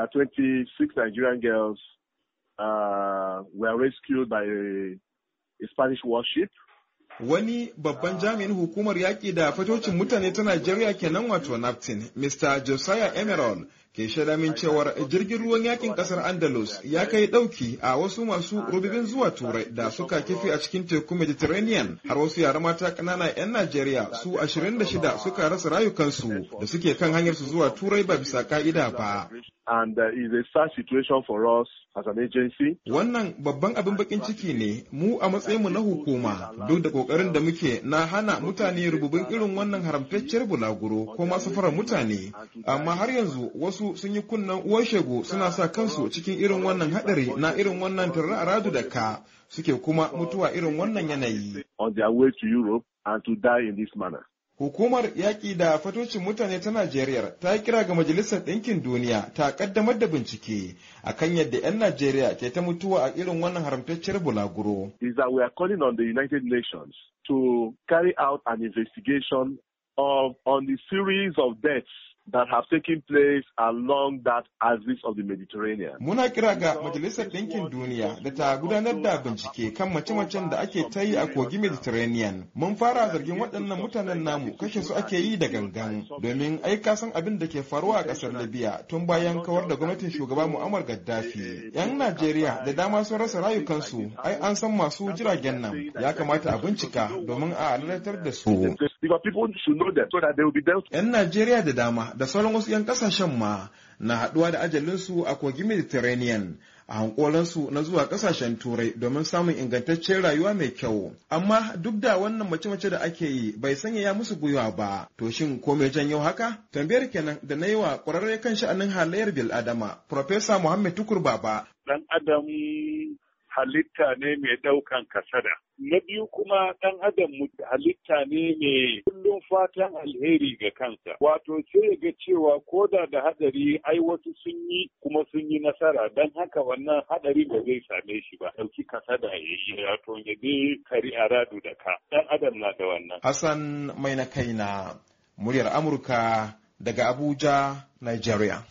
that 26 Nigerian girls uh, were rescued by a, a Spanish warship. Wani babban jami'in hukumar yaƙi da fatocin mutane ta Najeriya kenan wato Naftin, Mr. Josiah Emerald, ke shaida min cewar jirgin ruwan yakin ƙasar andalus ya kai ɗauki a wasu masu rububin zuwa turai da suka kifi a cikin teku mediterranean har wasu yara mata kanana 'yan najeriya su 26 suka rasa rayukansu da suke kan hanyar su zuwa turai ba bisa ka'ida ba and uh, is for us as Wannan babban abin bakin ciki ne mu a matsayinmu na hukuma duk da kokarin da muke na hana mutane rububin irin wannan haramtacciyar bulaguro ko masu fara mutane amma har yanzu wasu wasu sun yi kunnen uwan shegu suna sa kansu cikin irin wannan hadari na irin wannan turra radu da ka suke kuma mutuwa irin wannan yanayi. Hukumar yaƙi da fatocin mutane ta Najeriya ta kira ga Majalisar Ɗinkin Duniya ta ƙaddamar da bincike a kan yadda 'yan Najeriya ke ta mutuwa a irin wannan haramtacciyar bulaguro. Is that we are calling on the United Nations to carry out an investigation of on the series of deaths that have taken place along that axis of the Muna kira ga Majalisar Ɗinkin Duniya da ta gudanar da bincike kan mace-macen da ake ta yi a kogi Mediterranean. Mun fara zargin waɗannan mutanen namu kashe su ake yi da gangan domin ai ka san abin da ke faruwa a ƙasar Libya tun bayan kawar da gwamnatin shugaba Muammar Gaddafi. 'Yan Najeriya da dama sun rasa rayukansu ai an san masu jiragen nan ya kamata a bincika domin a alalatar da su. 'Yan Najeriya da dama da sauran wasu 'yan kasashen ma na haɗuwa da ajalinsu a Kogi mediterranean a hankolansu na zuwa kasashen turai domin samun ingantaccen rayuwa mai kyau amma duk da wannan mace-mace da ake yi bai sanya ya musu gwiwa ba to shin ko mai janyo haka tambayar kenan da na yi wa ƙwararre kan sha'anin halayyar bil'adama Profesa muhammed tukur baba dan adam halitta ne mai daukan kasada. Na biyu kuma ɗan adam halitta ne mai kullum fatan alheri ga kansa. Wato sai ga cewa koda da hadari ai wasu sun yi kuma sun yi nasara don haka wannan hadari ba zai same shi ba. Ɗauki kasada ya yi wato ya bi kari a radu da ka. Ɗan adam na da wannan. Hassan mai na kaina muryar Amurka daga Abuja, Nigeria.